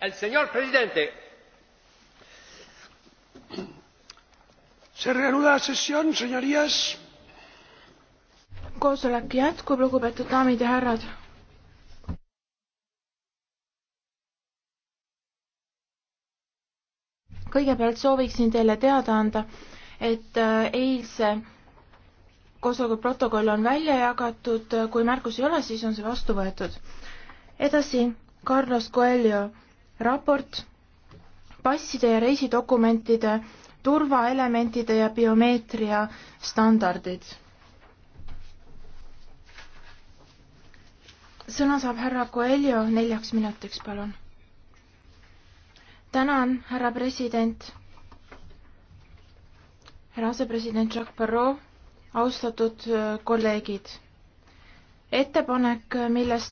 El señor presidente. Se reanuda la sesión, señorías. koosolek jätkub, lugupeetud daamid ja härrad. kõigepealt sooviksin teile teada anda, et äh, eilse koosoleku protokoll on välja jagatud, kui märkusi ei ole, siis on see vastu võetud. edasi, Carlos Coelho raport passide ja reisidokumentide turvaelementide ja biomeetria standardid. sõna saab härra Coelho neljaks minutiks, palun. tänan, härra president, härra asepresident Jacques Barrot, austatud äh, kolleegid. ettepanek, millest